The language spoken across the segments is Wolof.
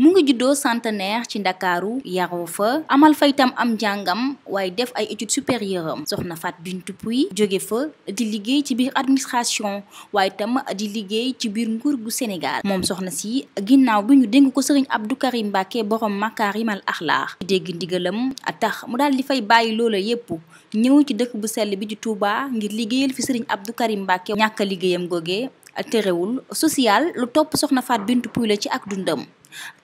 mu ngi juddoo centenaire ci ndakaaru yaroo fa amal fa itam am njàngam waaye def ay études supérieures am soxna faat Bintou Pouy jóge fa di liggéey ci biir administration waaye itam di liggéey ci biir nguur gu Sénégal moom soxna si ginnaaw bi ñu dénk ko sëriñ Abdou Karim Mbacke borom makaarimal axlaax dégg ndigalam tax mu daal di fay bàyyi loola yépp ñëw ci dëkk bu sell bi di Touba ngir liggéeyal fi sëriñ Abdou Karim Mbacke ñàkk liggéeyam googee terewul social lu topp soxna Fat Bintou Pouy ci ak dundam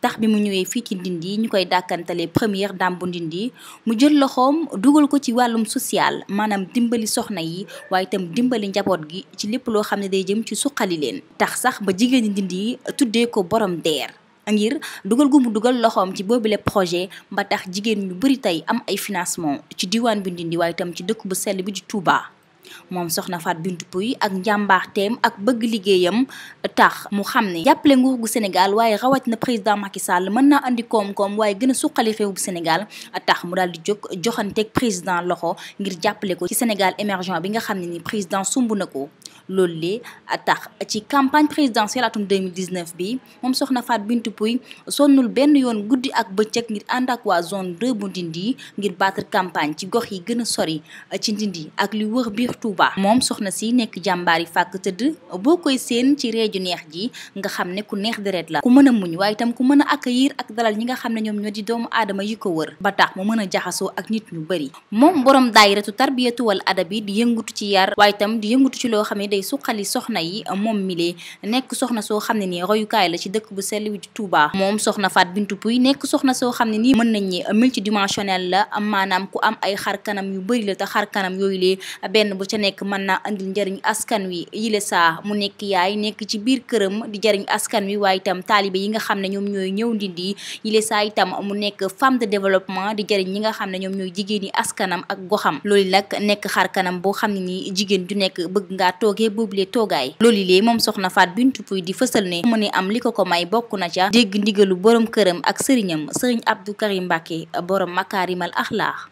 tax bi mu ñëwee fii ci Ndindi ñu koy dàkkantalee première dame bu Ndindi mu jël loxoom dugal ko ci wàllum social maanaam dimbali soxna yi waaye itam dimbali njaboot gi ci lépp loo xam ne day jëm ci suqali leen tax sax ba jigéen jigéeni Ndindi tuddee ko borom deer ngir dugal gu mu dugal loxoom ci boobule projet ba tax jigéen ñu bari tey am ay financement ci diwaan bi Ndindi waaye itam ci dëkk bu sell bi di Touba moom soxna faat Bintou Pouye ak njàmbaarteem ak bëgg liggéeyam tax mu xam ne jàppale nguur gu Sénégal waaye rawat na président Macky Sall mën naa indi koom-koom waaye gën a suqali réew bu Sénégal tax mu daal di jóg joxanteeg président loxo ngir jàppale ko ci Sénégal émergent bi nga xam ne ni président sumb na ko loolu lee tax ci campagne présidentielle atum 2019 bi moom soxna Fatou Bintou Pouye sonnul benn yoon guddi ak bëccëg ngir ànd ak waa zone de bu Ndindi ngir battre campagne ci gox yi gën a sori ci Ndindi ak li wër biir Touba. moom soxna si nekk jàmbaar yi fàkk tëdd boo koy seen ci réeju neex ji nga xam ne ku neex deret la ku mën a muñ waaye tam ku mën a accueillir ak dalal ñi nga xam ne ñoom ñoo di doomu aadama yi ko wër ba tax mu mën a jaxasoo ak nit ñu bëri moom borom daayiratu tarbiyatu wal ci xam ne day suqali soxna yi moom milee nekk soxna soo xam ne nii royukaay la ci dëkk bu sell wi di Touba moom soxna Faat Bintou Pouye nekk soxna soo xam ne nii mën nañ ne multidimensionnel la maanaam ku am ay xar kanam yu bari la te xar kanam yooyu lee benn bu ca nekk mën naa andil njëriñ askan wi yile saa mu nekk yaay nekk ci biir këram di jëriñ askan wi waaye itam taalibe yi nga xam ne ñoom ñooy ñëw ndindi yile saa itam mu nekk femme de développement di jëriñ ñi nga xam ne ñoom ñooy jigéeni askanam ak goxam loolu nag nekk xar boo xam ne nii jigéen ju nekk bëgg ngaa toogee boobu lee toogaay loolu lee moom soxna Faat Bintou Pouye di fësal ne mu ne am li ko ko may bokk na ca dégg ndigalu borom këram ak sëriñam sëriñ Abdou Karim Mbàkke borom makaarimal axlaax